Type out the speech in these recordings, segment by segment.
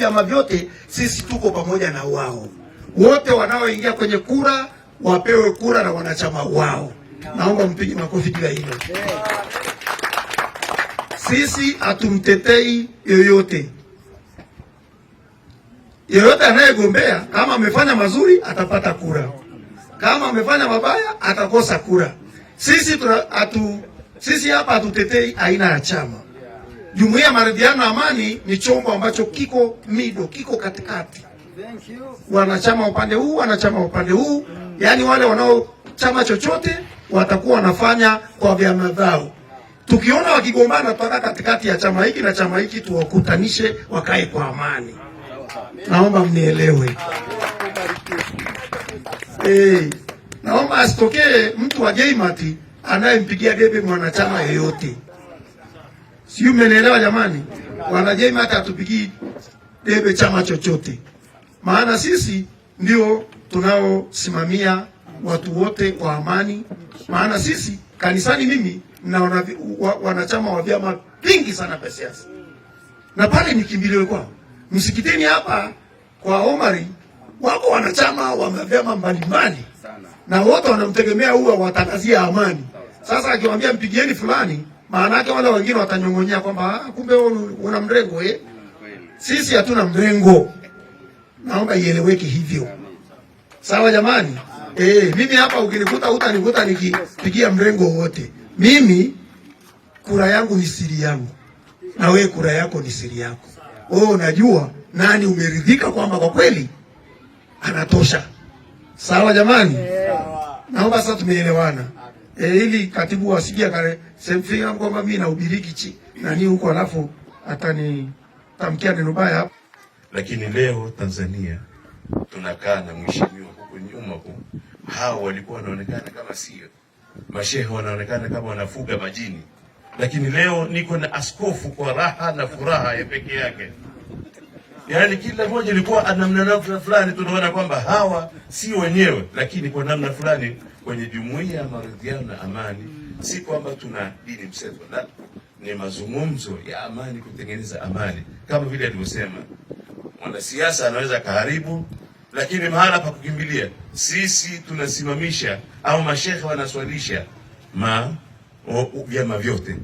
vyama vyote, sisi tuko pamoja na wao wote. Wanaoingia kwenye kura wapewe kura na wanachama wao. Naomba mpige makofi juu ya hilo. Sisi hatumtetei yoyote yoyote anayegombea kama amefanya mazuri atapata kura, kama amefanya mabaya atakosa kura. Sisi hapa hatutetei aina ya chama. Jumuiya ya Maridhiano Amani ni chombo ambacho kiko mido, kiko katikati, wanachama upande huu, wanachama upande huu, yaani wale wanao chama chochote watakuwa wanafanya kwa vyama vyao. Tukiona wakigombana, tutakaa katikati ya chama hiki na chama hiki, tuwakutanishe wakae kwa amani. Naomba mnielewe. Hey, eh, naomba asitokee mtu wa Jaimati anayempigia debe mwanachama yeyote. Sijui mmenielewa jamani. Wanajema hata hatupigii debe chama chochote, maana sisi ndio tunaosimamia watu wote kwa amani. Maana sisi kanisani, mimi na wanachama wa vyama vingi sana vya siasa, na pale nikimbiliwe kwa Msikitini hapa kwa Omari wako wanachama wa vyama mbalimbali, na wote wanamtegemea huwa watangazia amani. Sasa akiwaambia mpigieni fulani maana yake wale wengine watanyong'onyea kwamba ah, kumbe wewe una mrengo eh? Sisi hatuna mrengo, naomba ieleweke hivyo, sawa jamani? Eh, mimi hapa ukinikuta utanikuta nikipigia mrengo wote. Mimi kura yangu ni siri yangu, na wewe kura yako ni siri yako. Wewe unajua nani umeridhika kwamba kwa kweli anatosha. Sawa jamani? Eh. Naomba sasa tumeelewana e, ili katibu wasija kale semfikiria kwamba mimi nahubirikichi nani huko alafu tamkia neno baya hapo. Lakini leo Tanzania tunakaa na mheshimiwa huko nyuma huko, hao walikuwa wanaonekana kama sio mashehe, wanaonekana kama wanafuga majini, lakini leo niko na askofu kwa raha na furaha ya pekee yake. Yaani kila mmoja ilikuwa ana namna fulani, tunaona kwamba hawa si wenyewe, lakini kwa namna fulani kwenye jumuiya ya maridhiano na amani, si kwamba tuna dini mseto, la, ni mazungumzo ya amani, kutengeneza amani. Kama vile alivyosema mwanasiasa, anaweza kaharibu, lakini mahala pa kukimbilia sisi tunasimamisha, au mashehe wanaswalisha ma vyama vyote,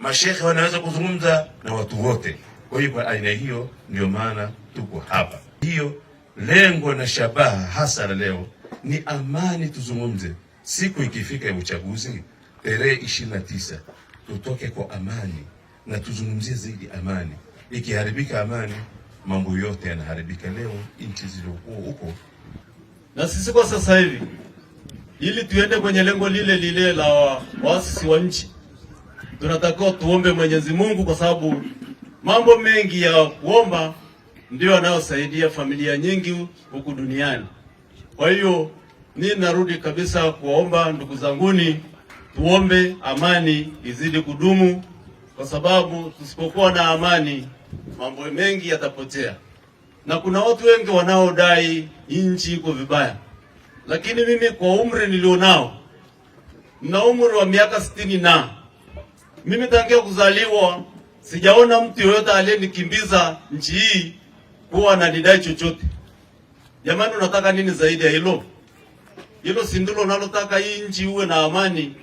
mashehe wanaweza kuzungumza na watu wote. Kwa hiyo kwa aina hiyo ndio maana tuko hapa. Hiyo lengo na shabaha hasa la leo ni amani, tuzungumze siku ikifika ya uchaguzi tarehe ishirini na tisa tutoke kwa amani na tuzungumzie zaidi amani. Ikiharibika amani, mambo yote yanaharibika. Leo nchi zilizokuwa huko na sisi kwa sasa hivi, ili tuende kwenye lengo lile lile la waasisi wa nchi, tunatakiwa tuombe Mwenyezi Mungu, kwa sababu mambo mengi ya kuomba ndio yanayosaidia familia nyingi huku duniani. Kwa hiyo ni narudi kabisa kuwaomba ndugu zanguni, tuombe amani izidi kudumu, kwa sababu tusipokuwa na amani mambo mengi yatapotea, na kuna watu wengi wanaodai nchi iko vibaya, lakini mimi kwa umri nilionao, na umri wa miaka sitini na mimi tangia kuzaliwa sijaona mtu yoyote aliyenikimbiza nchi hii kuwa ananidai chochote. Jamani, unataka nini zaidi ya hilo? Hilo si ndilo nalotaka hii nchi uwe na amani,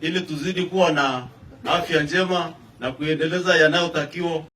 ili tuzidi kuwa na afya njema na kuendeleza yanayotakiwa.